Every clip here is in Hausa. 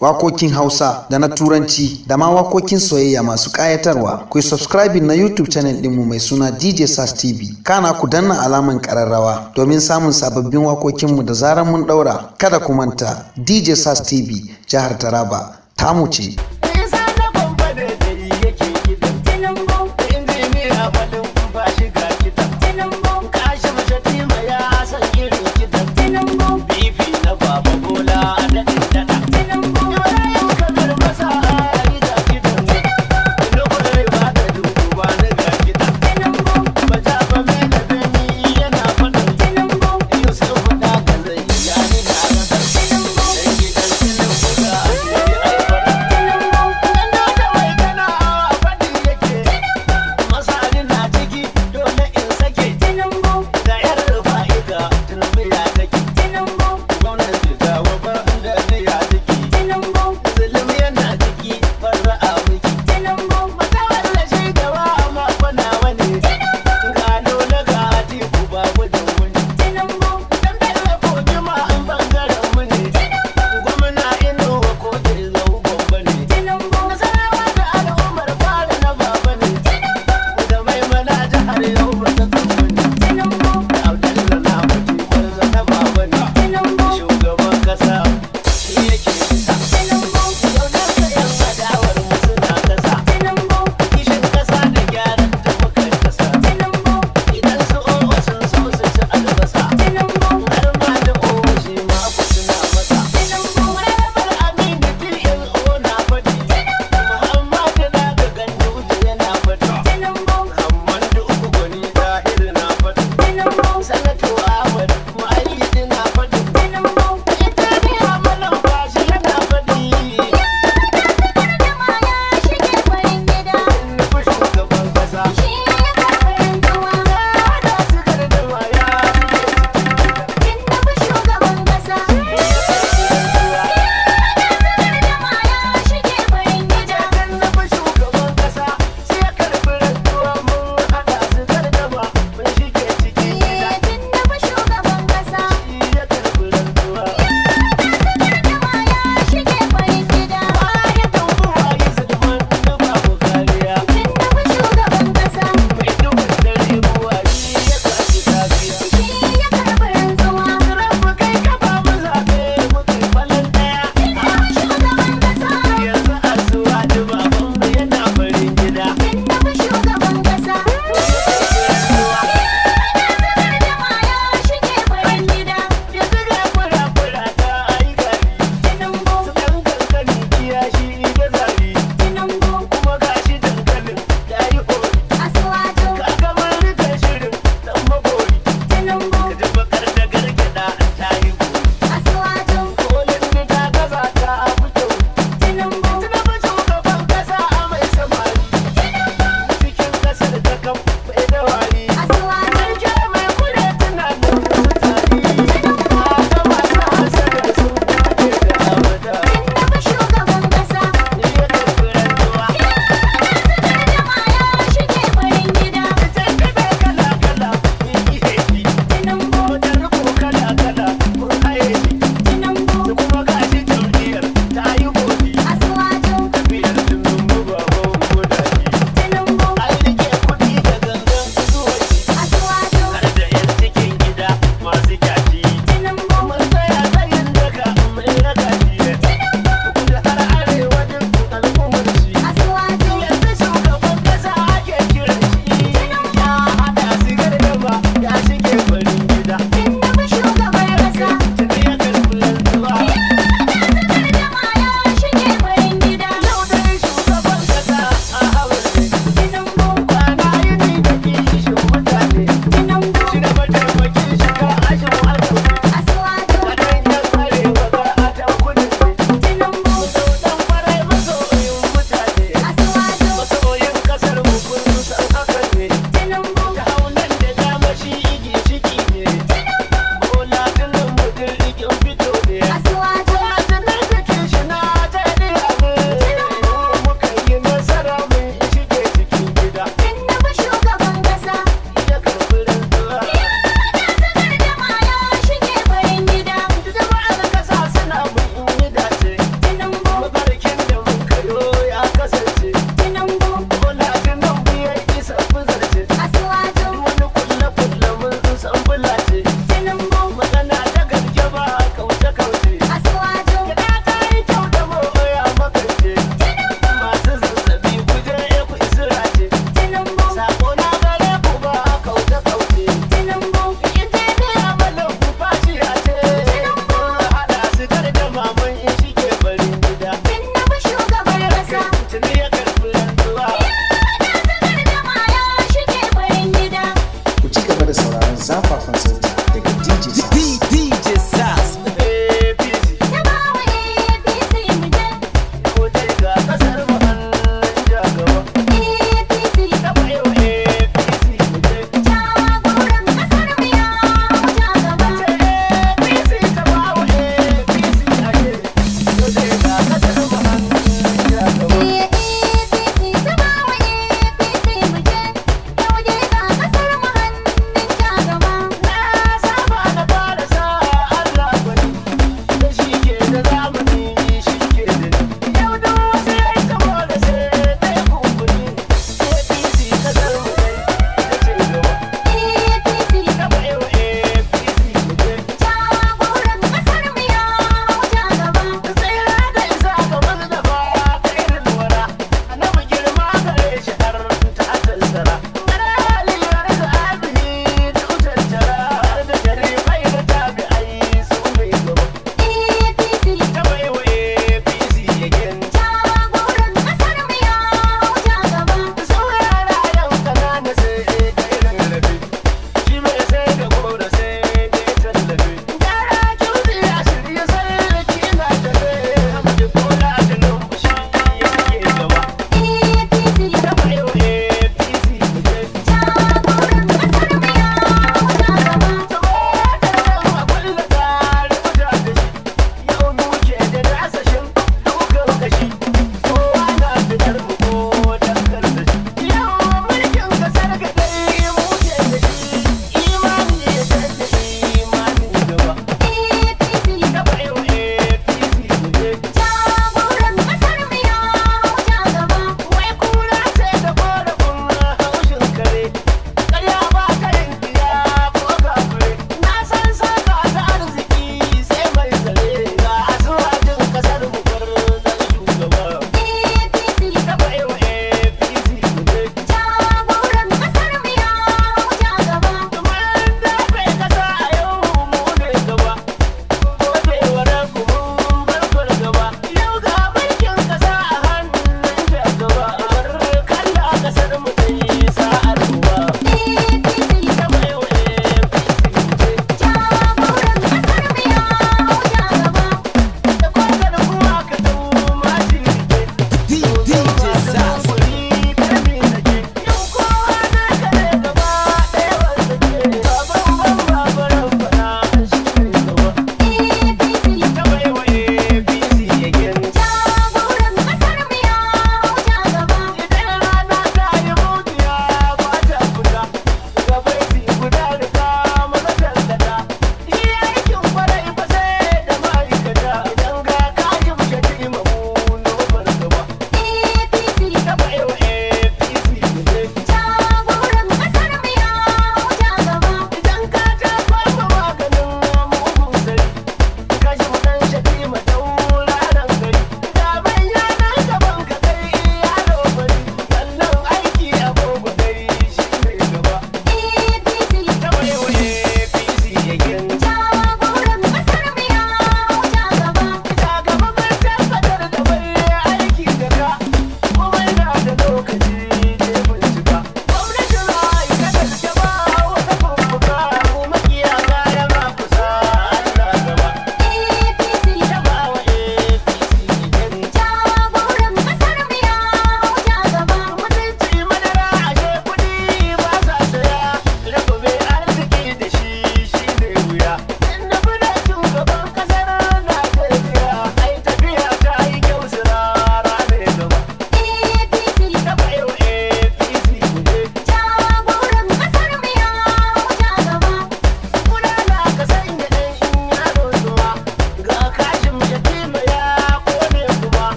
wakokin Hausa da na Turanci da ma wakokin soyayya masu ƙayatarwa. Ku subscribing na YouTube channel ɗinmu mai suna DJ Sars TV. Kana ku danna alaman ƙararrawa domin samun sababbin wakokinmu da zarar mun ɗaura. Kada ku manta DJ Sars TV jihar Taraba. Tamu ce.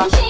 Sarah.